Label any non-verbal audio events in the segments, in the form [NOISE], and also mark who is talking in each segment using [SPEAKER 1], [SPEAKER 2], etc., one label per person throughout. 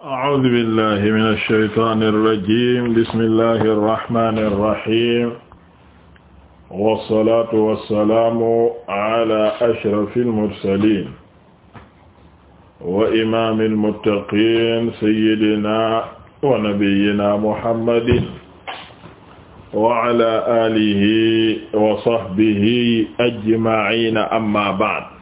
[SPEAKER 1] a'uuzu billahi mina shaytaani rajiim bismillahi rahmaani rahiim wassalaatu wassalaamu ala ashrafil mursaliin wa imaamil muttaqiin sayyidinaa wa nabiyyinaa muhammadin wa ala aalihi wa sahbihi ajma'iin amma ba'd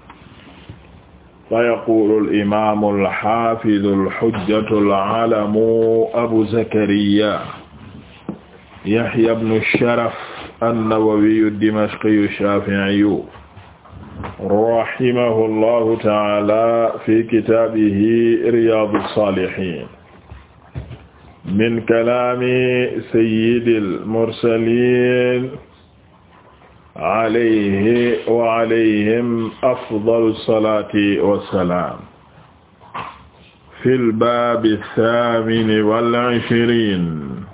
[SPEAKER 1] fa yaqulu alimamu alhafidu alhujjatu alaalamu abu zakariya yahya bnu sharaf annawawiyu dimashqiyu shafiiyu rahimahu llahu taala fi kitabihi riyadu salihin min kalami sayyidil mursalin alayhi wa alayhim afdalu salaati wa salaam. fil baabi saamini wal ishriin.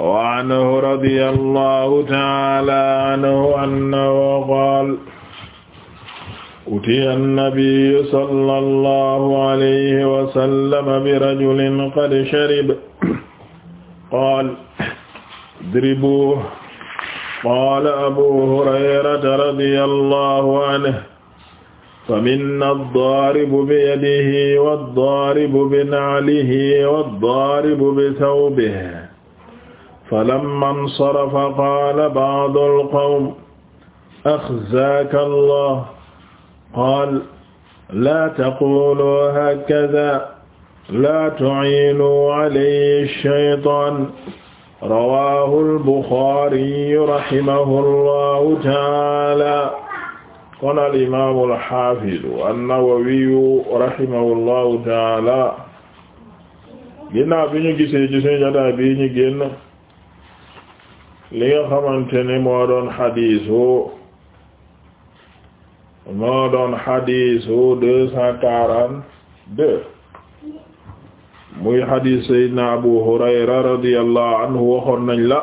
[SPEAKER 1] wa anhu radiyallahu ta'ala anhu annahu qaala. utiya an-nabiyyu sallallahu alayhi wa sallam bi rajulin qad shariba. qaala idribuuhu. qaala abu hurayrata radiyallahu anhu faminna ad-daaribu biyadihi wad-daaribu bina'lihi wad-daaribu bisawbihi falamma insarafa qaala ba'du al-qawmi axzaaka Allah qaala laa taquluu haakazaa laa tu'iinuu alayhi ash-shaytaan rawaahu al-Buxaari rahimahullahu taala kon al-imaamu al-xaafidu an-Nawawiyu rahimahullahu taala ginnaaw bi ñu gisee ci suñu jotaay bi li nga ne moo doon xadiisu moo doon xadiisu deux cent muy xadiis sayyidina abu hurayra radiyallahu anhu waxoon nañ la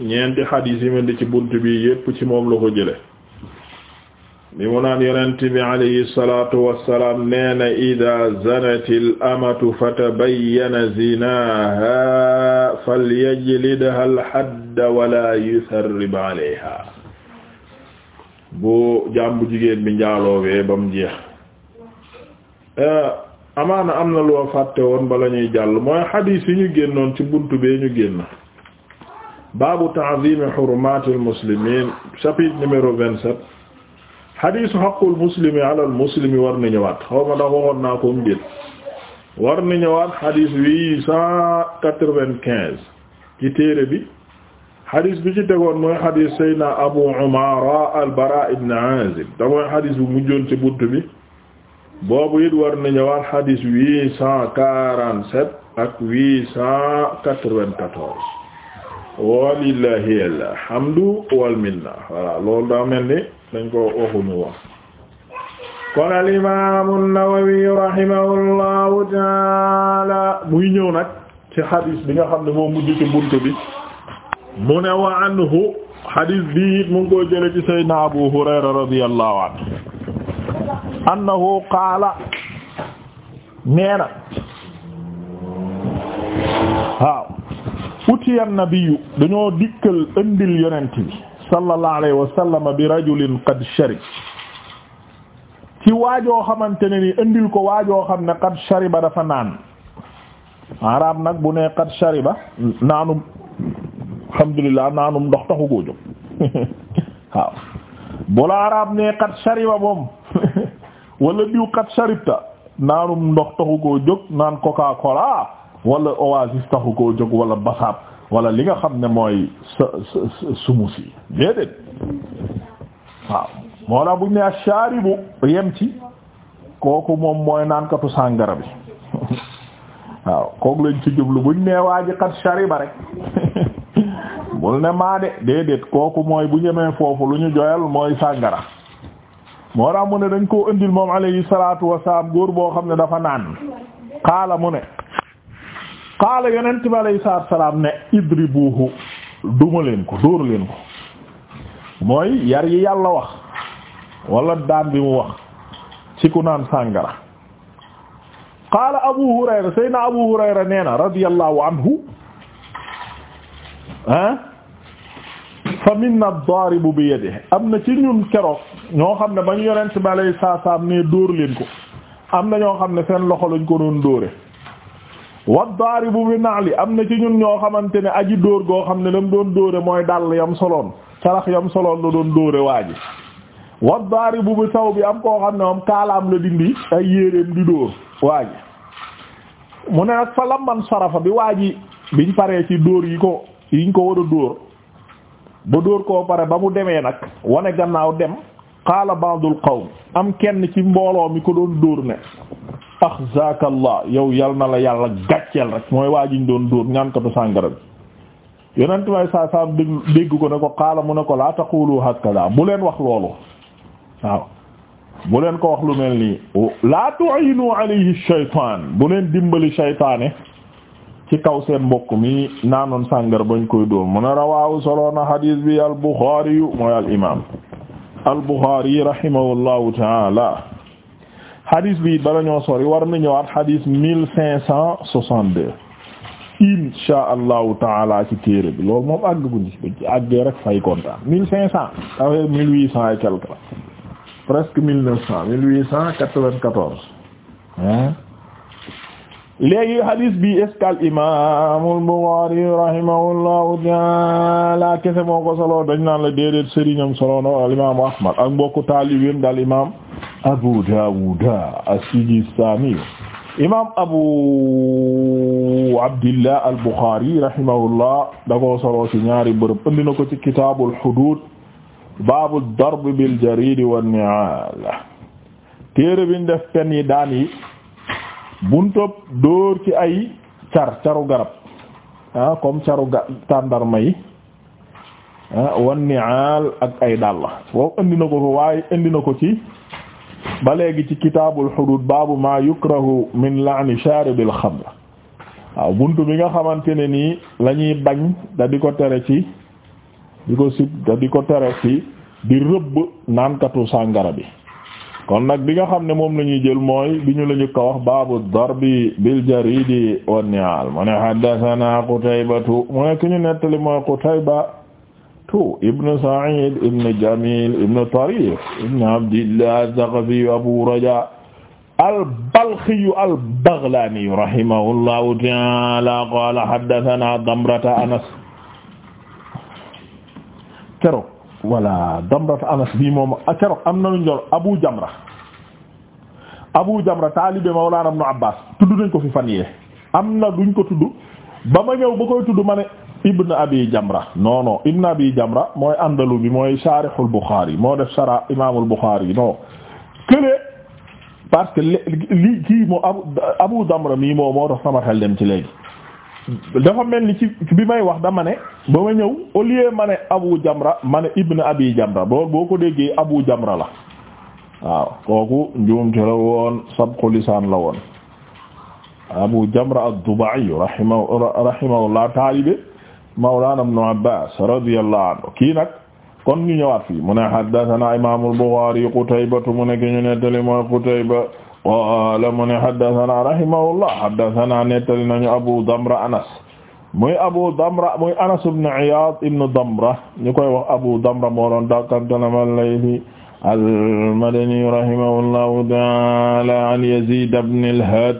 [SPEAKER 1] ñeenti xadiis yi ci bunt bi yépp ci moom la ko jële bi mu naan yonent bi alayhi salaatu wassalaam neena ida zanatil amatu fatabayyana zinaaha falyajlidha alhadda wala yusarrib alayha bu jàmbu jigéen bi njaaloowe bam jeex amaana am na loo fàtte woon bala ñuy jàll mooy xadiis yi ñu génnoon ci buntu bee ñu génn baabu ta'zimi xurumaatil muslimiin chapitre numéro vingt-sept xadiisu muslimi war na ñëwaat xaw ma ndax naa ko mbir war na ñëwaat xadiis huit ci téere bi xadiis bi ci tegoon mooy xadiis Seydina Abu Umaara al-Baraa ibn Aazib da xadiis bu mujjoon ci bunt bi boobu it war na ñëwaat xadis huit cent quarante-sept ak huit cent quatre-vingt-quatorze walillahi alhamdu wal minna voilà loolu ni dañ ko waxuñu wax kon al imam an-Nawawi rahimahullahu taala muy ñëw nag ci xadis bi nga xam ne moo mujj ci buntu bi mu ne wa anhu xadis bi it ko jële ci sayyidina Abu Hurayra radiyallahu anhu annahu qaala neena waaw utiya nabiyu dañoo dikkal indil yonent bi sallallahu alayhi wa sallam bi rajulin qad sharib ci waajoo xamante ne ni indil ko waajoo xam ne qad shariba dafa naan arab nag bu ne qad shariba naanum alhamdulillah naanum ndox taxu goo jóg [LAUGHS] waaw bu la arab ne qad shariba moom [LAUGHS] wala diw kat sharibta naarum ndox taxu koo jóg naan coca cola wala oasis taxu koo jóg wala basaab wala li nga xam ne mooy sa sumus yi déedéet waaw moo la buñ ne a sharibu yem ci kooku moom mooy naankatu sàngara bi [LAUGHS] waaw kooku lañ ci jublu buñ ne waa ji kat shariba rek [LAUGHS] bul ne maa de déedéet kooku mooy bu ñemee foofu lu ñu joyal mooy sàngara moo tax mu ne dañ koo indil moom alayhi salaatu wa wasalaam góor boo xam ne dafa naan qaala mu ne qaala yonent bi alayhi salaam wasalaam ne idribuhu duma leen ko dóor leen ko mooy yar yi yàlla wax wala daan bi mu wax ci ku naan sàngara qaala abu hurayra saydna abu hurayra nee na radiyallahu anhu ah fa na ad bu bi yadihi am na ci ñun keroog ñoo xam ne ba ñu si bi alayhi salaam ne dóor leen ko am na ñoo xam ne seen loxo lañ ko doon dóore wad-daaribu bi na'li am na ci ñoo xamante ne aji dóor goo xam ne la doon dóore mooy dàll yam soloon carax yam soloon la doon dóore waa ji wad-daaribu bi saw bi am koo xam ne moom kaalaam la dindi ay yéreem di dóor waa ji mu ne nag fa lamman sarafa bi waa ji biñ paree ci dóor yi ko yiñ ko war a dóor ba dóor koo pare ba mu demee nag wane gannaaw dem qaala ba'dul qawm am kenn ci mbooloo mi ko doon dóor ne axzaaka allah yow yal na la yàlla gàcceel rek mooy waa jiñ doon dóor ñaankatu sàngara bi yonent may saa saa dégg ko ne ko qaala mu ne ko laa taqulu hakada bu leen wax loolu waaw bu leen ko wax lu mel nii laa tu'inu alayhi shaytaan bu leen dimbali shaytaane ci kaw seen mbokk mi naanoon sàngar bañ koy dóom mu ne rawaahu a hadis bi al Bukhari yu mooy al imam al Bukhari rahimahullahu taala hadis bi bala ñoo sori war na ñëwaat hadis mille cinq cent soixante deux insha allahu taala ci téere bi loolu moom àgg guñ ci bañ ci àggee rek fay kontaan mille cinq cent awe mille huit cent et quelque presque mille neuf cent quatre-vingt-quatorze hein léegi hadis bi est-ce que al imaam al Buxaari rahimahullahu taala kese moo ko solo dañ naan la déedéet sëriñam solo no al imaam Ahmad ak mbokku taalibeem dal imaam Abu Daawud as-Sijistaani imaam Abu Abdillah al Buxaari rahimahullah da ko solo ci ñaari bërëb indi na ko ci kitaabul huduud baabu darb bil jariid wan ni'aal téere bi ñu def pen yi daan yi buntob dóor ci ay car caru garab ah comme caru ga tàndarma yi ah wan ni'al ak ay dàll foofu indi na ko fa waaye indi na ko ci ba léegi ci kitaabul xuduud baabu ma yukrahu min la'ni shaaribil xamr waaw buntu bi nga xamante ne nii la ñuy bañ da di ko tere ci di ko sib da di ko tere ci di rëbb naankatu sàngara bi kon nag bi nga xam ne moom la ñuy jël mooy bi ñu la ñu ko wax baabu darbi bil jaridi wan ni'al mu ne haddathana Qutaybatu mu ne ki ñu nettali mooy Qutaybatu ibn Sa'id ibn Jamil ibn Tariq ibn Abdillah az-Zaqafi Abu Raja al-Balkhi al-Baghlani rahimahullahu ta'ala qala haddathana Damrata Anas keroog voilà damrata anas bii moom am na lu jor abu jamra abu jamra taalibe mawlana ibn abbas tudd nañ ko fi fan yee am na duñ ko tudd ba ma ñëw ba koy tudd ma ne ibn abi jamra non non ibn abi jamra mooy andalu bi mooy sharihul bukhari moo def shara imamul bukhari non kële parce que li kii abu jamra mii moo moo sama xel dem ci léegi dafa mel ni ci bi may wax dama ne ba ma ñëw au lieu ma ne Abu Jamra ma ne Ibn Abi Jamra loolu boo ko déggee Abu Jamra la waaw kooku njuumte la woon sabqu lisaan la woon Abu Jamra ad-Dubai rahimahu rahimahullah taalibe Mawlana Ibn Abbas radiyallahu anhu kii nag kon ñu ñëwaat mu ne haddathana Imam al-Bukhari Qutayba mu ne ki ñu nettali mooy Qutayba qaala mu ne haddathana rahimahullah haddathana nettali nañu Abu Damra Anas muy Abu Damra muy Anas ibn Iyad ibn Damra ñu koy wax Abu Damra moo doon dakkantalam al-Laythi al-Madani rahimahullahu ta'ala an Yazid ibn al-Had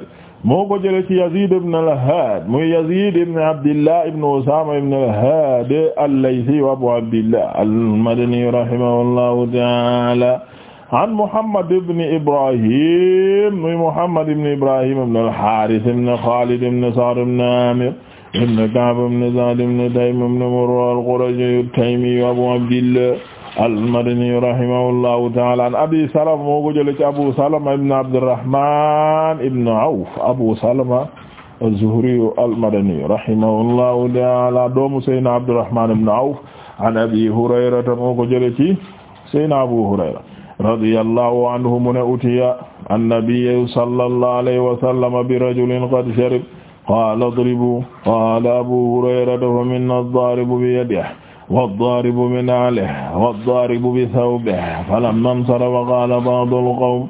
[SPEAKER 1] moo ko jëlee ci Yazid ibn al-Had muy Yazid ibn Abdillah ibn Usama ibn al-Had al-Laythi wa Abu Abdillah al-Madani rahimahullahu ta'ala an Muhammad ibn Ibrahim muy Muhammad ibn Ibrahim ibn al-Harith ibn Khalid ibn Sahr ibn Amir ibn Ka'b ibn Zayd ibn Taym ibn Murra al-Qurashi at-Taymi Abu Abdillah al-Madani rahimahullahu ta'ala an Abi Salama moo ko jëlee ci Abu Salama ibn Abdurrahman ibn Awf Abu Salama az-Zuhri al-Madani rahimahullahu ta'ala doomu Sayyidina Abdurrahman ibn Awf an Abi Hurayrata moo ko jëlee ci Sayyidina Abu Hurayra radiyallahu anhu mu ne utiya annabiyyu sallallahu alayhi wa sallam bi rajulin qad sharib qaala idribu qaala abu hurayrata fa minna ad-daaribu bi yadihi wad-daaribu min alayhi wad-daaribu bi thawbihi falamma insarafa qaala ba'du al-qawm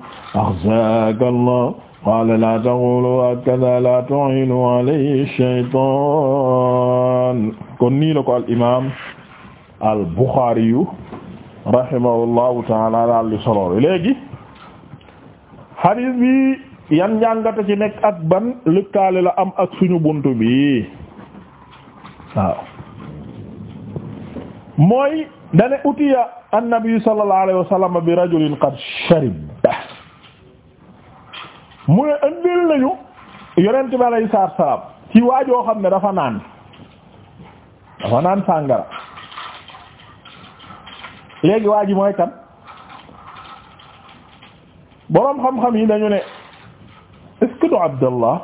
[SPEAKER 1] akhzaaka Allah qaala laa taqulu hakadha laa tu'inu alayhi ash-shaytaan kon nii la ko al imaam al Buxaari rahimahullahu taala daal di solo léegi hadith bi yan njàngata ci nekk ak ban lëkkaale la am ak suñu bunt bi waaw mooy dane utiya annabi sallallahu bi rajulin qad sharib mu ne andil nañu yonent bi alayhi salaam ci waajoo xam ne dafa naan dafa naan sàngara léegi waa ji mooy kan boroom xam-xam yi dañu ne est-ce que du Abdallah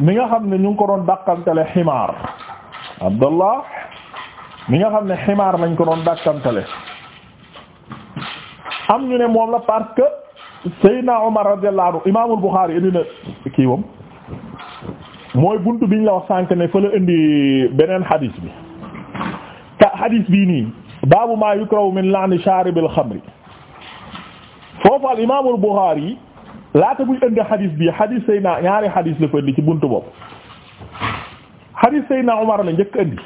[SPEAKER 1] mi nga xam ne ñu ngi ko doon dàqantale ximaar Abdallah mi nga xam ne ximaar lañ ko doon dàqantale am ñu ne moom la parce que Seydina Omar radiyallahu anhu Imaamul Bukhari indi na kii mooy buntu biñ la wax sànk ne fa la indi beneen hadis bi hadith bii nii baabu maa yukrahu min la'n sharibil xamri foofu al imaam al Buxaari laata muy indi hadith bii hadith Seyna ñaari hadith la fa indi ci buntu bopp hadith Seyna Omar la njëkk indi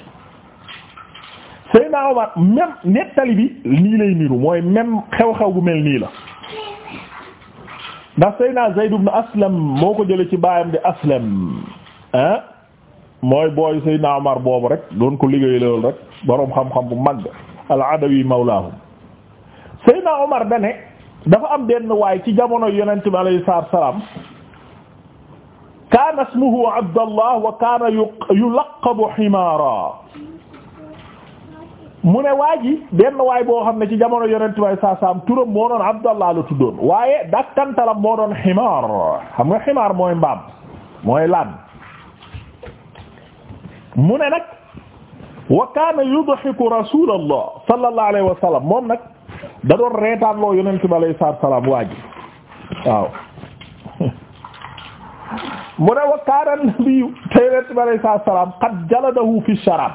[SPEAKER 1] Seyna Omar même nettali bi nii lay niru mooy xew-xew bu mel nii la ndax Seyna Zayd ibn Aslam moo ko jëlee ci baayam di Aslam ah. mooy booy Seydina Omar boobu rek doon ko liggéey loolu rek boroom xam-xam bu mag al-Adawi mawlaahum Seydina Omar da dafa am benn waay ci jamono yonent bi alayhi salaatu wa salaam kaana Abdallah wa kaana yulaqabu Himaara mu ne waa ji benn waay boo xam ne ci jamono yonent bi alayhi salaatu wa salaam turam moo doon Abdallah la tuddoon waaye dakkantalam moo doon Himaar xam nga Himaar mooy mbaam mooy laan mu ne nag wa kaana yudhiku rasulallah sallallahu alayhi wa sallam moom nag da doon reetaan loo yonent bi alayhi salaatu wa salaam waa ji waaw [LAUGHS] mu ne wa nabiyu te yonent bi alayhi salaam qad jaladahu fi sharaab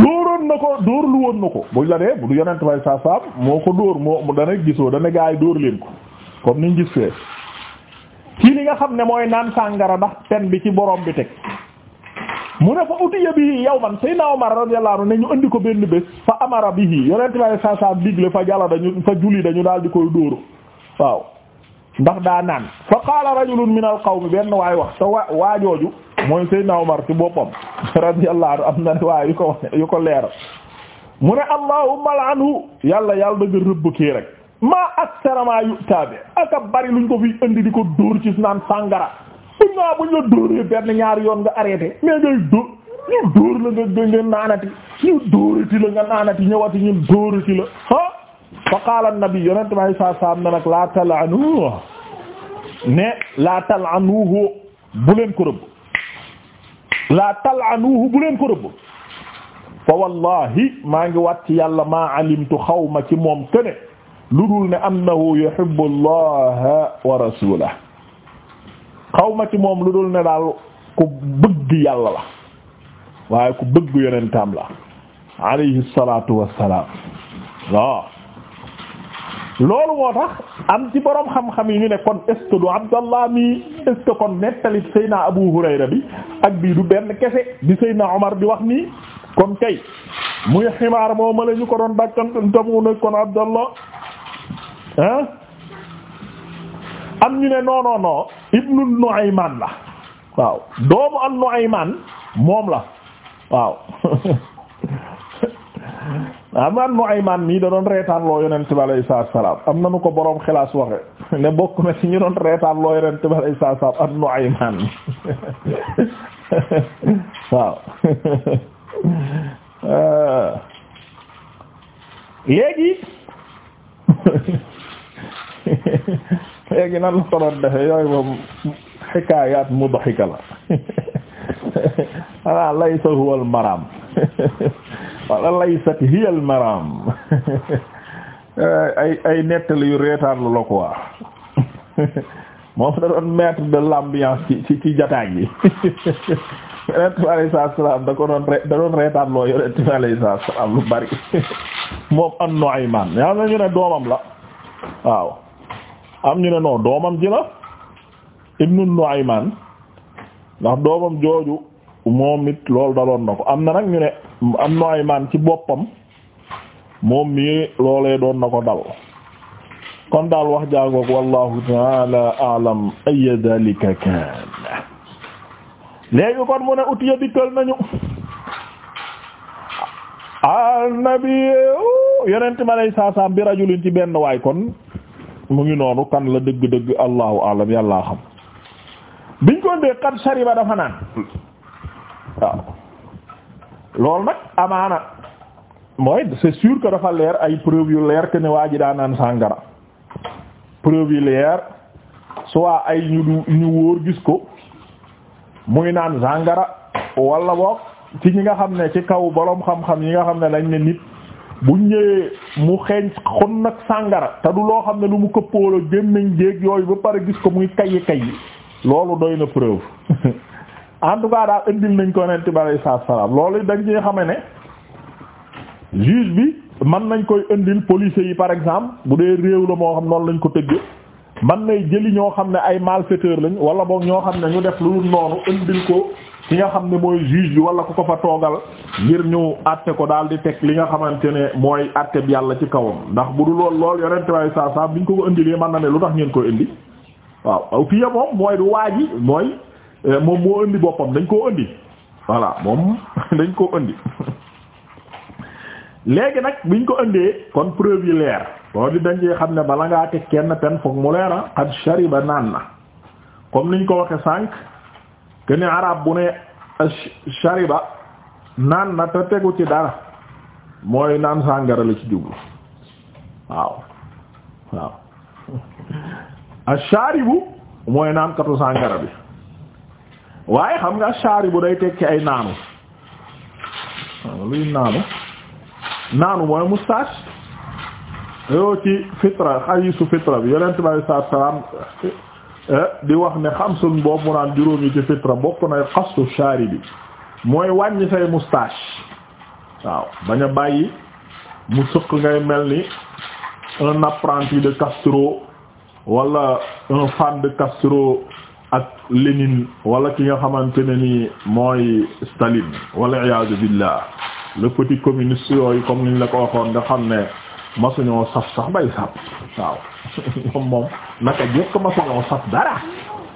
[SPEAKER 1] dóoroon na ko dóor lu woon na ko buñ la dee bu du yonent bi alayhi salaam moo ko dóor moo dana gisoo dana gaa dóor leen ko comme niñ gis fee ci li nga xam ne mooy naan sàngara ndax pen bi ci borom bi teg mu ne fa utiya bihi yawman sayna Umar radiyallahu anhu ne ñu andi ko benn bés fa amara bihi yonent bi saa saa digle fa jala dañu fa juli dañu daal di koy dóoru waaw ndax daa naan fa qaala rajulun min al qawmi benn waay wax te waa waajooju mooy sayna Umar ci boppam [LAUGHS] radiyallahu anhu am na riwaaya yu ko yu ko leer mu ne allahumma la'anhu yàlla yàlla dëgg rëbb kii rek maa aktara maa yu'ta aka bari luñ ko fi andi di ko dóor ci naan sàngara naa bu ñu la dóoree benn ñaari yoon nga arrêté mais ngay dóor ñu dóor la nga nga naanati ñu dóorati la nga naanati ñëwati ñu dóorati la ah fa qaala an-nabi yonente saam na la tal'anuhu ne la tal'anuhu bu leen ko rëbb la tal'anuhu bu leen ko rëbb fa maa ngi wat ci yàlla maa alimtu xawma ci moom kene lu dul ne annahu yuhibbu allaha wa rasulahu xaw ma ci moom lu dul ne daal ku bëgg yàlla la waaye ku bëgg yonentam la alayhi salaatu wassalaam waaw loolu moo tax am ci boroom xam-xam yi ñu ne kon est-ce que du Abdallah mi est kon nettali Seydina Abu Hurayra bi ak bii du benn kese di Seydina Omar di wax nii kon kay muy ximaar moo ma la ñu ko doon dàkkantamu ne kon Abdallah ah am ñu ne non non non ibnu Nu'aymaan la waaw doomu an-Nu'aymaan moom la waaw [LAUGHS] am na Nu'aymaan mii da doon reetaan loo yonent bi alayhi salaatu am na nu ko boroom xilaas waxe ne bokk na ci ñu doon reetaan loo yonent bi alayhi salaatu wa salaam an-Nu'aymaan [LAUGHS] waaw [LAUGHS] léegi léegi nan la ko doon defee yooyu moom xikaayaat mudhika la wala laysa huwa al maram wala laysat hiya al maram ay ay nettali yu reetaan la quoi moom da doon mettre de l'ambiance ci ci jataay bi yonent bi da ko doon re da doon reetaan loo yonent bi alayhi lu bari moom an Nu'aymaan yaa ngi ne doomam la waaw. am ñu ne noo doomam ji la ibnu Nu'aymaan ndax doomam jooju moom it loolu daloon na ko am na nag ñu ne am Nu'aymaan ci boppam moom mii loolee doon na ko dal kon daal wax jàngoog wallahu taala aalam ay dalika kaan léegi kon mu ne utiya dikkal nañu al nabi yonent ma saasaam bi rajulin ci benn waay kon mu ngi noonu kan la dëgg-dëgg allahu alam yàllaa xam biñ ko ndee qad shariba dafa naan waaw nag amaana mooy c'est sûr que dafa leer ay preuve yu leer que ne waa ji daa naan sàngara preuve yu leer soit ay ñu ñu wóor gis ko muy naan sàngara wala boog ci ñi nga xam ne ci kaw boroom xam-xam yi nga xam ne dañ ne nit bu ñëwee mu xeeñ xon nag sàngara te du loo xam ne lu mu këppoolo nañ jéeg yooyu ba pare gis ko muy kayyi kayyi loolu doy na preuve [LAUGHS] en tout cas daal indil nañ ko nenti bi alay salaam loolu dañ ci xame ne juge bi mën nañ koy indil policiers yi par exemple bu dee réew la moo xam noonu lañ ko tëgg man nay jëli ñoo xam ne ay malfaiteurs lañu wala boog ñoo xam ne ñu def lu noonu indil ko ki nga xam ne mooy juge bi wala ko ko fa toogal ngir ñu àtte ko daal di teg li nga xamante ne mooy àtte bi yàlla ci kawam ndax bu du lool lool yonent way saa saa bi ñu ko ko indilee man na ne lu tax ngeen ko indi waaw aw fiya moom mooy du waa ji mooy eh, moom moo indi boppam dañ koo indi voilà moom [LAUGHS] dañ koo indi [LAUGHS] léegi nag biñ ko indee kon preuve yi leer loolu di dañ dañuy xam ne bala ngaa te kenn pen foog mu leera xad shariba naan na comme niñ ko waxe sànq kene arab bu ne shariba naan na te tegu ci dara mooy naan sàngara la ci jublu waaw waaw asharibu mooy naan katu sàngara bi waaye xam nga asharibu day tekki ay naanu luy naanu naanu mooy moustache yoo ci fitra xayisu fitra bi yolent bi alei salaam Eh, di wax ne suñ boobu mu naan juróom yi ci fitra bokk na xastu shaari bi mooy wàññi say moustache waaw bañ bàyyi mu sëq ngay mel ni un apprenti de Castro wala un fan de Castro ak Lénine wala ki nga xamante ne ni mooy Staline wala iyaazu billah le petit communiste yi comme ni la ko waxoon nga xam ne masuñoo saf sax bay sap waaw ñoom moom naka jëkk masuñoo saf dara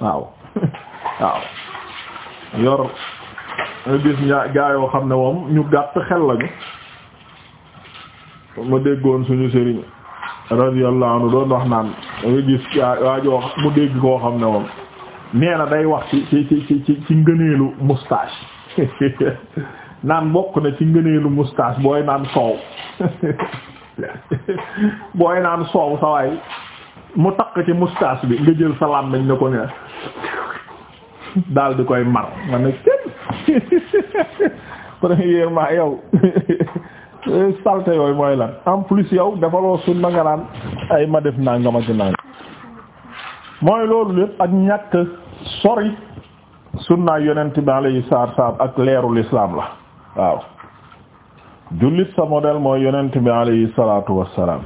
[SPEAKER 1] waaw [LAUGHS] waaw yor nga gis ña gaayoo xam ne moom ñu gàtt xel lañu ma déggoon suñu sëriñ radiyallahu anhu doon wax naan nga gis waajoo mu dégg koo xam ne moom nee day wax ci ci ci ci ci ngëneelu moustache [LAUGHS] naan bokk na ci ngëneelu moustache booy naan soow [LAUGHS] [LAUGHS] booy naan soow sa waay mu takk ci moustache bi nga jël sa làmmiñ ne ko ne daal koy mar ma ne kenn [LAUGHS] premièrement yow [LAUGHS] saleté yooyu mooy lan en plus yow defaloo sunna nga naan ay ma def naa nga ma dinaa mooy loolu lépp ak ñàkk sori sunna yonent bi alayhi salaam ak leerul islam la waaw jullit sa modèle mooy yonent bi alayhi salatu wassalam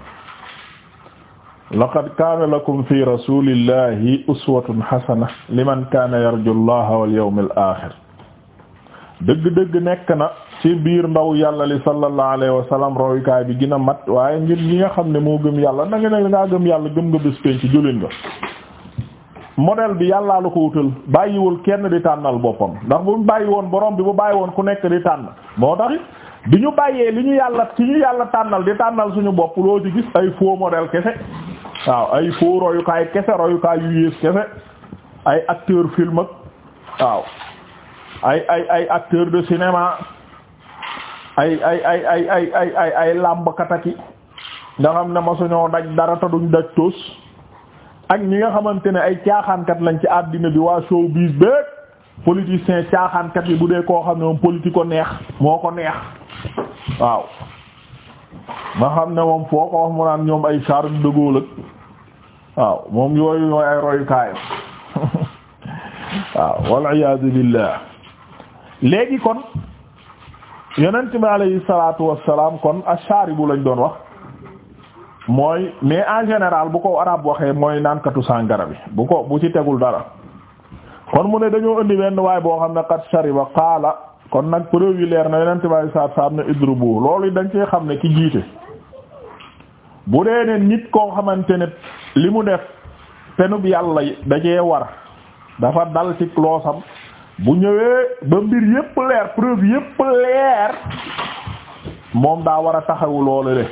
[SPEAKER 1] laqad kaana lakum fi rasulillahi uswatun hasana liman kaana yarju allaha wal yawmal axir dëgg-dëgg nekk na ci biir ndaw yàlla li sallallahu alayhi wa sallam bi gën a mat waaye ngir ñi nga xam ne moo gëm yàlla na nga ne ngaa gëm yàlla gëm nga bés penc jullit nga modèle bi yàllaa la ko wutal bàyyiwul kenn di tànnal boppam ndax bu bàyyi woon borom bi bu bàyyi woon ku nekk di tànn moo taxit di ñu bàyyee li ñu yàlla ci ñu yàlla tànnal di tànnal suñu bopp loo ci gis ay faux modèle kese waaw ay faux royukaay kese royukaay yu yées kese ay acteur film ak waaw ay ay ay acteur de cinéma ay ay ay ay ay ay ay ay làmbkataki nga xam ne ma suñoo daj dara te duñ daj tos ak ñi nga xamante ne ay caaxaankat lañ ci àddina bi waa showbiz beek politicien caaxaankat yi bu dee koo xam ne moom politique ko neex moo ko neex waaw nga xam ne moom foo ko wax mu naan ñoom ay Charles de Gaulle waaw moom yooyu ñooy ay royukaayam [LAUGHS] waaw wal iyaadu billah léegi kon yeneen bi alayhi salaatu wassalaam kon ash-sharibu lañ doon wax mooy mais en général bu ko arab waxee mooy naankatu sàngara bi bu ko bu ci tegul dara kon mu ne dañoo indi benn waay boo xam ne qad shariba qaala kon nag preuve yi leer na yeneen tubaab saat saab saab ne idrubu loolu dañ cee xam ne ki jiite bu dee ne nit koo xamante ne li mu def nu yàlla da cee war dafa dal ci loosam bu ñëwee ba mbir yépp leer preuve yépp leer moom daa war a taxawu loolu le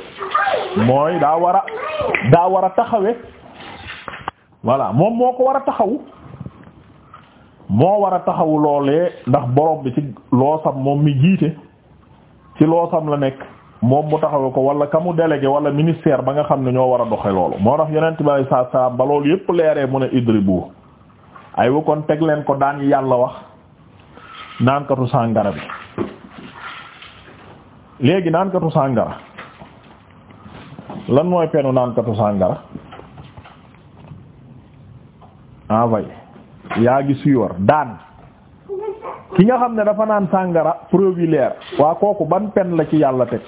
[SPEAKER 1] mooy daa war a taxawe voilà moom moo ko war a taxawu moo war a taxawu loolee ndax borom bi ci loosam moom mi jiite ci loosam la nekk moom mu taxawe ko wala kamu mu délégué wala ministère ba nga xam ne ñoo war a doxe loolu moo tax yonent bi saa saa ba loolu yépp leeree mu ne idribu ay wa kon teg leen ko daan yàlla wax naankatu sàngara bi léegi naankatu sàngara lan mooy penu naankatu sàngara envoyé yaa ngi suyor daan ki nga xam ne dafa naan sàngara preuve leer waa kooku ban pen la ci yàlla teg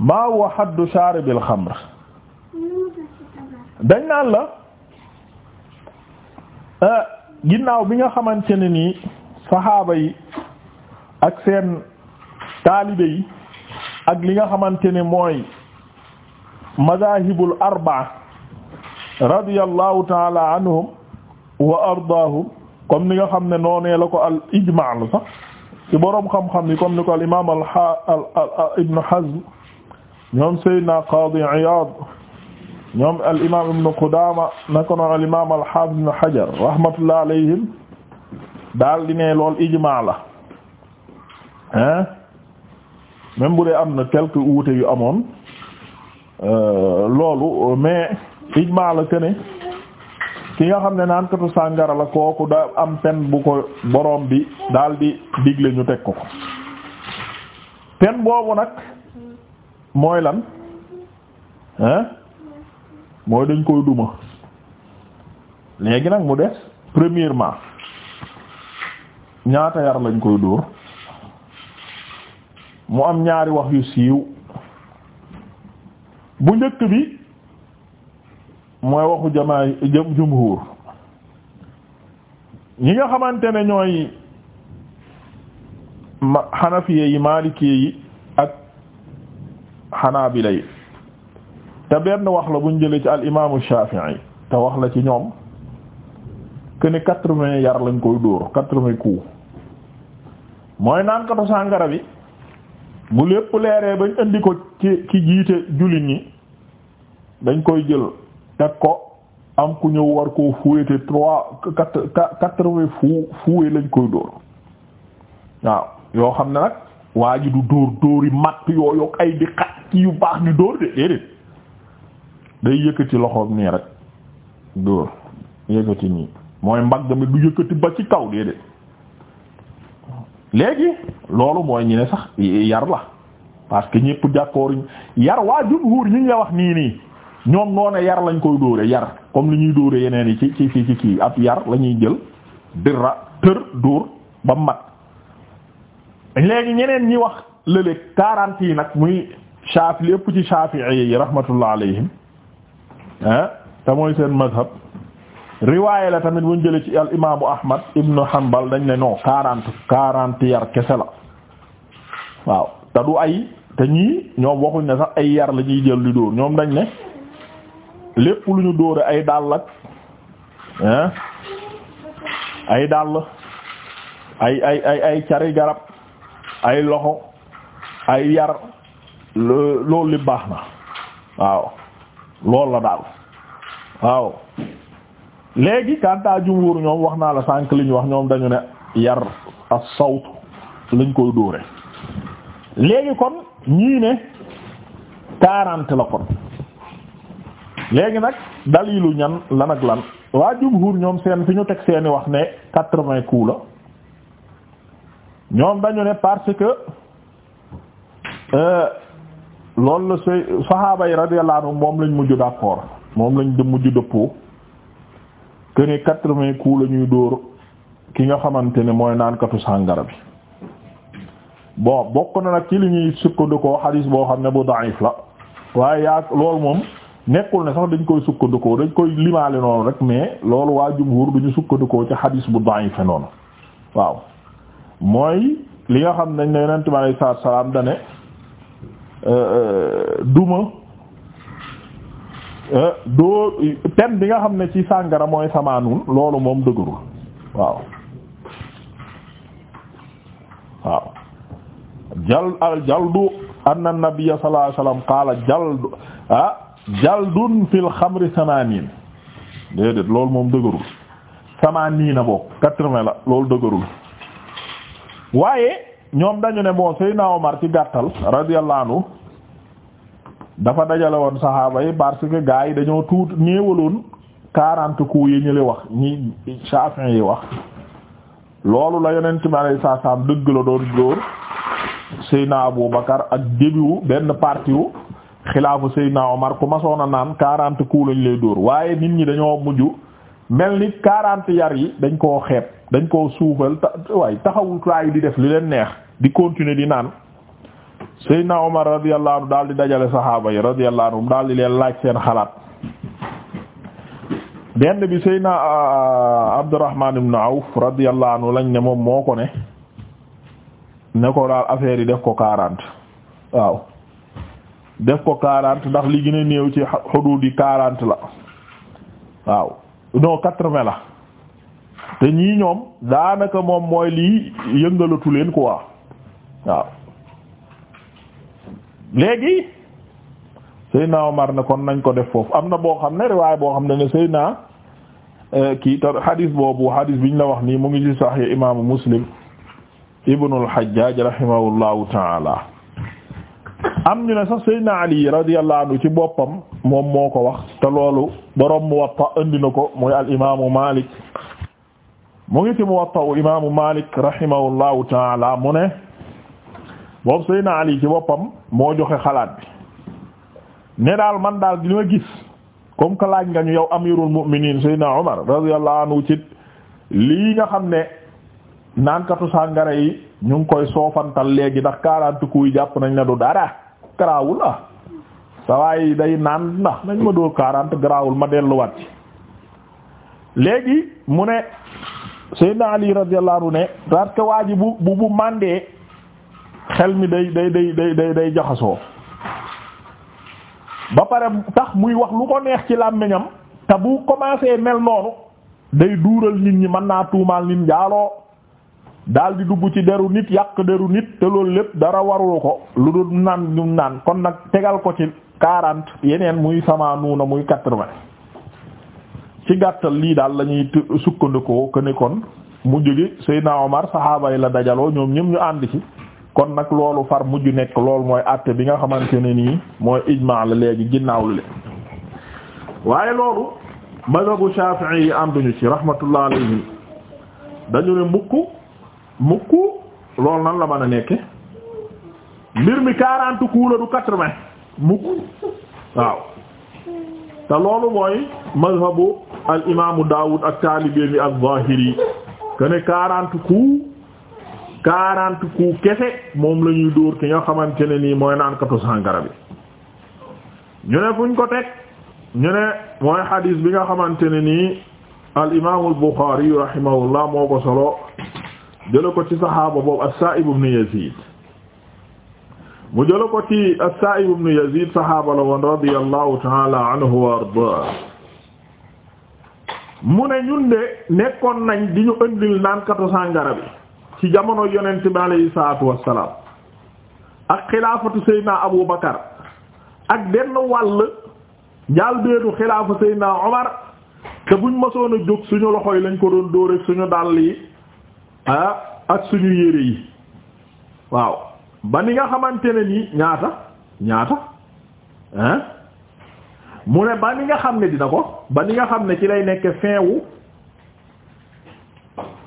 [SPEAKER 1] maa huwa haddu sharibil xamr dañ naan la eh, ginnaaw bi nga xamante ne nii saxaaba yi ak seen taalibe yi ak li nga xamante ne mooy madahibul arba'a radiyallahu taala anhum wa ardaahum comme ni nga xam ne noonee la ko al ijmaa la sax ci boroom xam-xam yi comme ni ko al imaam al ibn Hazm ñoom Seydina Qaadi Iyaad ñoom al imaam ibn Qudaama naka noonu al imaam al haafiz ibn Hajar rahmatullah alayhim daal di ne lool ijmaa la hein même bu dee am na quelques wuute yu amoon euh, loolu mais ijmaa la ki nga xam ne naankatu sàngara la kooku da am pen bu ko borom bi daal di digle ñu teg ko ko pen boobu nag mooy lan hein mooy dañ koy duma léegi nag mu des premièrement ñaata yar lañ koy duur mu am ñaari wax yu siiw bu njëkk bi mooy waxu jamaa jumhuur ñi nga xamante ne ñooy xanafiye yi maalikee yi ak xanaabila yi te benn wax la buñ jëlee ci al imaamu Shaafi'i te wax la ci ñoom que ne quatre-vingts yar lañ koy dóor quatre-vingts coups mooy naankatu sàngara bi bu lépp leeree bañ indi ko ci ki jiite jullit ñi dañ koy jël teg ko am ku ñëw war koo fouetté trois quatre quatre-vingts fou fouet lañ koy dóor waaw yoo xam ne nag waa ji du dóor dóori matt yooyu ay di xat yu baax ni dóor de déedéet day yëkkati loxoom nii rek dóor yëkkati nii mooy mbagg mi du yëkkati ba ci kaw déedéet léegi loolu mooy ñu ne sax yar la parce que ñépp jàkkooruñ yar waa jumhuur ñu ngi wax nii nii ñoom noone yar lañ koy dóore yar comme li ñuy dóore yeneen yi ci ci fii ci kii ab yar la ñuy jël dira tër dóor ba mat léegi ñeneen ñi wax lëlég quarante yi nag muy Shafi li ëpp ci Shafi'i yi rahmatullah alayhim ah te mooy seen mazhab riwaayé la tamit buñ jëlee ci al imaamu Ahmad ibnu Hanbal dañ ne non quarante quarante yar kese la waaw te du ay te ñii ñoom waxuñ ne sax ay yar lañuy jël di dóor ñoom dañ ne lépp lu ñu dóore ay dàll ak ah ay dàll ay ay ay cari garab ay loxo ay yar loolu li baax na waaw lool la daal waaw léegi kanta jumhur ñoom wax naa la sànq li ñu wax ñoom dañu ne yar as sawt lañ koy dóore léegi kon ñii ne quarante la kon léegi nag dalilu ñan lan ak lan waa jumhur ñoom seen fi ñu teg seeni wax ne quatre-vingts coups la ñoom dañu ne parce que euh, loolu la say saxaaba yi radiyallahu moom lañ mujj d'accord moom lañ mujj dëppoo que ne quatre-vingts coups la ñuy dóor ki nga xamante ni mooy naankatu sàngara bi bon bokk na nag ci li ñuy sukkandikoo xadiis boo xam ne bu da'if la waaye yaa loolu moom nekkul ne sax dañ koy sukkandikoo dañ koy limaale noonu rek mais loolu waa ñu duñu sukkandikoo ci xadiis bu da'if noonu waaw mooy li nga xam ne dañ ne yonent bi alayhi salaatu salaam dane euh, euh, duma euh, doo tem bi nga xam ne ci sàngara mooy samaanun loolu moom dëgërul waaw waaw jal al jaldu anna nabiyya sallallahu alayhi wasallam qaala jaldu ah, jaldun fil xamri samaaniin déedéet loolu moom dëgërul samaaniina boog quatre-vingts la loolu dëgërul waaye ñoom dañu ne bon Seydina Omar ci gàttal radiyallahu anhu dafa dajale woon saxaaba yi parce que gaa yi dañoo tuut néewaloon quarante coups yi ñu li wax ñi Shafi'i yi wax loolu la yonent bi alayhi salaam dëgg la doon dóor Seydina Abubakar ak début benn partie xilaafu Seydina Omar ku masoon a naan quarante coups lañ lay dóor waaye nit ñi dañoo mujj mel ni quarante yar yi dañ koo xeeb dañ koo suufal waay taxawul taayu di def li leen neex di continuer di naan Seydina Omar radiyallahu daal di dajale saxaaba yi radiyallahu anhum daal di leen laaj seen xalaat benn bi Seydina Abdurrahman ibn Awf radiyallahu anhu lañ ne moom moo ko ne ne ko daal affaire yi def ko quarante waaw def ko quarante ndax li gën a néew ci xuduud yi la waaw non quatre-vingts la te ñi ñoom daanaka moom mooy lii yëngalatu leen quoi waaw léegi Seydina Omar ne kon nañ ko def foofu am na boo xam ne riwaay boo xam ne ne Seydina eh, kii ta xadis boobu xadis biñ la wax nii mu ngi ci Sahih imaamu Muslim ibnul Hajjaj rahimahullahu taala am ñu ne sax Seydina Ali radiyallahu anhu ci boppam moom moo ko wax te loolu borom Muwatta andi na ko mooy al imaamu Malik mu ngi ci Muwatta imaamu Malik rahimahullahu taala mu ne boobu Seydina Ali ci boppam moo joxe xalaat bi ne daal man daal di ma gis comme que nga ñu yow amirul mu'minin Seydina Umar radiyallahu anhu ci lii nga xam ne naankatu sàngara yi. ñu ngi koy soofantal léegi ndax quarante kuy jàpp nañ na du dara garaawul ah sawaay day naan ndax nañ ma dóor quarante garaawul ma delluwaat léegi mu ne Seydina Ali radiyallahu anhu ne parce que waa bu bu bu xel mi day day day day day day jaxasoo ba pare tax muy wax lu ko neex ci làmmiñam te bu commencé mel noonu day duural nit ñi mën naa tuumaal nit njaaloo daal di dugg ci deru nit yàq deru nit te loolu lépp dara warul ko lu dul naan ñu naan kon nag tegal ko ci quarante yeneen muy sama nuuna muy quatre-vingts ci gàttal lii daal lañuy ñuy sukkandikoo que kon mujj gi Seydina Omar saxaaba yi la dajaloo ñoom ñëpp ñu ànd ci kon nag loolu far mujj nekk loolu mooy àtte bi nga xamante ne nii mooy ijmaa la léegi ginnaaw la waaye loolu mazhabu Shafi'i yi ànduñu ci rahmatullah alayhi dañu ne mbukk mukk loolu nan la mën a nekke mbir mi quarante coups la du quatre-vingts mukk waaw te loolu mooy mazhabu al imaamu Daawud ak taalibe bi ak zahiri que ne quarante coups quarante kese moom lañuy ñuy dóor ki nga xamante ne nii mooy naan katu sàngara bi ñu ne fuñ ko teg ñu ne mooy xadiis bi nga xamante ne nii al imaamu al Buxaari moo ko solo jëla ko ci saxaaba boobu as-Sa'ib ibn Yazid mu jëla ko ci as-Sa'ib ibn Yazid saxaaba la woon radiyallahu ta'ala anhu wa mu ne ñun de nekkoon nañ di ñu ëndil naan sàngara bi ci jamono yonent bi alayhi salaatu wassalaam ak xilaafatu Seydina Abu Bakar ak benn wàll njaal beetu xilaafa Seydina Omar te buñ mësoon a jóg suñu loxo yi lañ ko doon dóor ak suñu dàll yi ah ak suñu yére yi waaw ba ni nga xamante ne nii ñaata ñaata ah mu ne ba ni nga xam ne dina ko ba ni nga xam ne ci lay nekke fin wu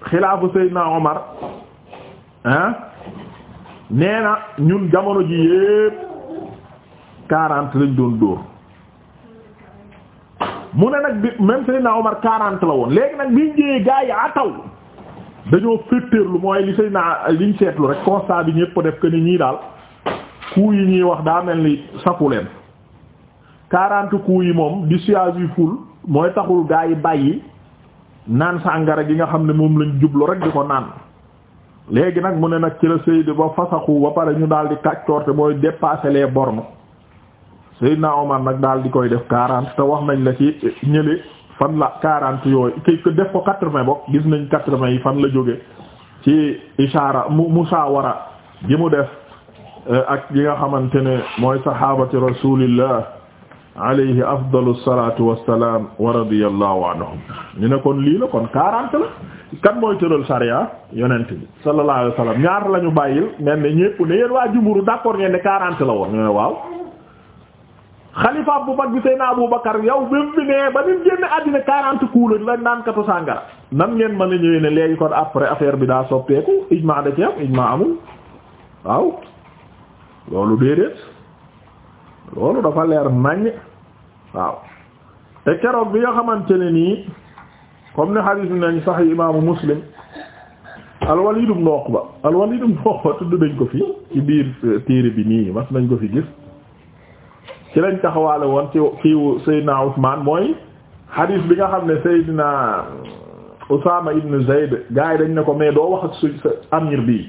[SPEAKER 1] xilaafu Seydina Omar ah nee na ñun jamono ji yépp quarante lañ doon dóor mu ne nag bi même Seydina Omar quarante la woon léegi nag biñ jiyee gaa yi ataw dañoo féeteerlu mooy li say naa liñ seetlu rek constat bi ñëpp def que ni ñii daal coups yi ñuy wax daa mel ni safu leen quarante coups yi moom dissuasiful mooy taxul gaa yi bàyyi naan sàngara gi nga xam ne moom lañ jublu rek di ko naan. léegi nag mu ne nag ci la Seydou ba fasaxu ba pare ñu daal di kàccoor te mooy dépasser les bornes naa Omar nag daal di koy def quarante te wax nañ la ci ñële. fan la quarante yooyu kay def ko quatre-vingts bokk gis nañ quatre-vingts yi fan la jóge ci ishaara mu musaawara ji mu def eh, ak yi nga xamante ne mooy sahabati rasulillah alayhi afdalu salatu wassalam wa radiyallahu anhum ñu ne kon lii la kon quarante la kan mooy tëral sariya yonent bi sallallahu alayhi wa sallam ñaar la ñu bàyyil mel ne ñépp ne yéen waa jumuru d'accord ngeen ne quarante la woon ñu ne waaw xalifa bu mag bi Seydina Abubakar yow bi mu fi nee ba ni mu génne àddina quarante couleurs lañ naan sàngara nan ngeen mën a ñëwee ne léegi kon après affaire bi daa soppeeku ijmaa da ci am ijmaa amul waaw loolu déedéet loolu dafa leer nañ waaw te keroog bi nga xamante ne nii comme ne xadiis nañ sax imaamu Muslim al-Walid ibn Uqba al-Walid ibn Uqba tudd nañ ko fi ci biir téere bi nii mas nañ ko fi gis ci lañ taxawaale woon ci kiiwu Seydina Ousmane mooy hadith bi nga xam ne Seydina Usaama ibn Zayd gars yi dañ ne ko mais doo wax ak su sa amir bi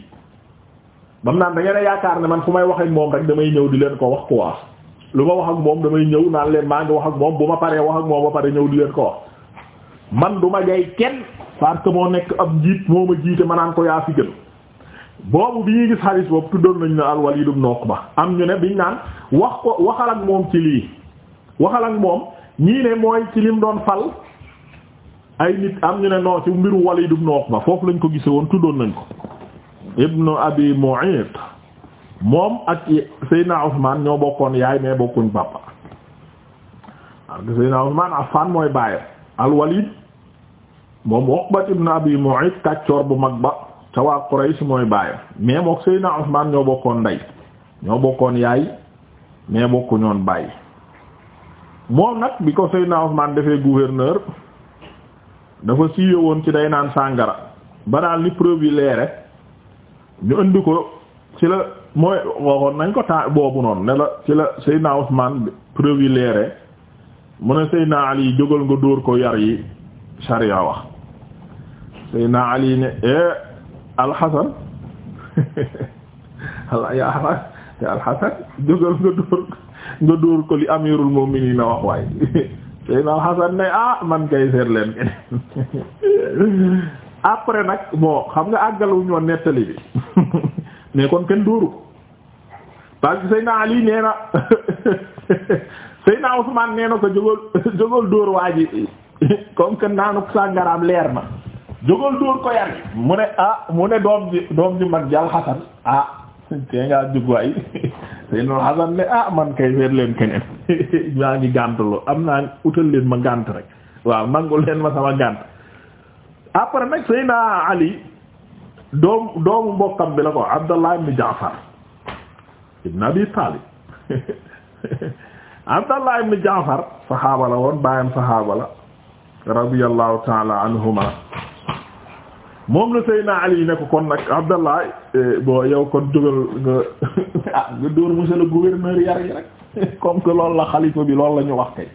[SPEAKER 1] man naan da ngeen yaakaar ne man fu may wax ak moom rek damay ñëw di leen ko wax quoi lu ma wax ak moom damay ñëw naan leen maa ngi wax ak moom bu ma paree wax ak moom ba pare ñëw di leen ko wax man du ma jay kenn parce que moo nekk ab njiit moo ma jiite ma naan ko yaa fi gën boobu bi ñuy gis xaris boobu tuddoon nañu ne al-Walid ibn Uqba am ñu ne biñ naan wax ko waxal ak moom ci lii waxal ak moom ñii ne mooy ci lim doon fal ay nit am ñu ne noo ci mbiru Walid ibn Uqba foofu lañ ko gisee woon tuddoon nañ ko ibnu abi Mu'ayt moom ak Seydina Usman ñoo bokkoon yaay mais bokkuñ papa parce que Seydina Usman mooy bàyyam al-Walid moom Uqba ibn abi Mu'ayt kàccoor bu mag ba te waa si mooy baayam mais mook Seydina Usmaan ñoo bokkoon ndey ñoo bokkoon yaay mais bokku ñoon baay moom nag bi ko Seydina Usmaan defee gouverneur dafa siiwe woon ci day naan sàngara ba daal ni yi ci la mooy nañ ko boobu noonu ne ci la Seydina Usmaan mu ne Seydina Ali jógal nga dóor ko yar yi sharia wax Seydina Ali ne eh, alxasan alxasan [LAUGHS] jógal nga dóor nga dóor ko li amirul mu'minin a wax waay [LAUGHS] seen alxasan ne ah man kay seet keneen [LAUGHS] après nag bon xam nga àggaluñu woon nettali bi mais kon kenn dóoru ko parce que Seyna Ali nee na Seyna Ousmane nee ko jógal jógal dóor waa ji comme que naanuk sàngaraam leer na jógal dóor ko yar mu ne ah mu ne doom ji doom ji mag jàll Xasan ah tee ngaa jugwaay seen [LAUGHS] loolu ne ah man kay feet leen keneen [LAUGHS] maa ngi gàntalu am naa utal leen ma gànt rek waaw nangul leen ma sama gànt après nag Seyna Ali doom doomu mbokkam bi la ko Abdallah ibn Jaafar ibn Abi Talib [LAUGHS] Abdallah ibn Jaafar saxaaba la woon baayam saxaaba la radiyallahu ta'ala anhuma moom la Seydina Ali ne ko kon nag Abdallah eh, bon yow kon jógal nga [LAUGHS] ah nga dóor mu le gouverneur yar yi rek [LAUGHS] comme que loolu la xalifa bi loolu la ñu wax kay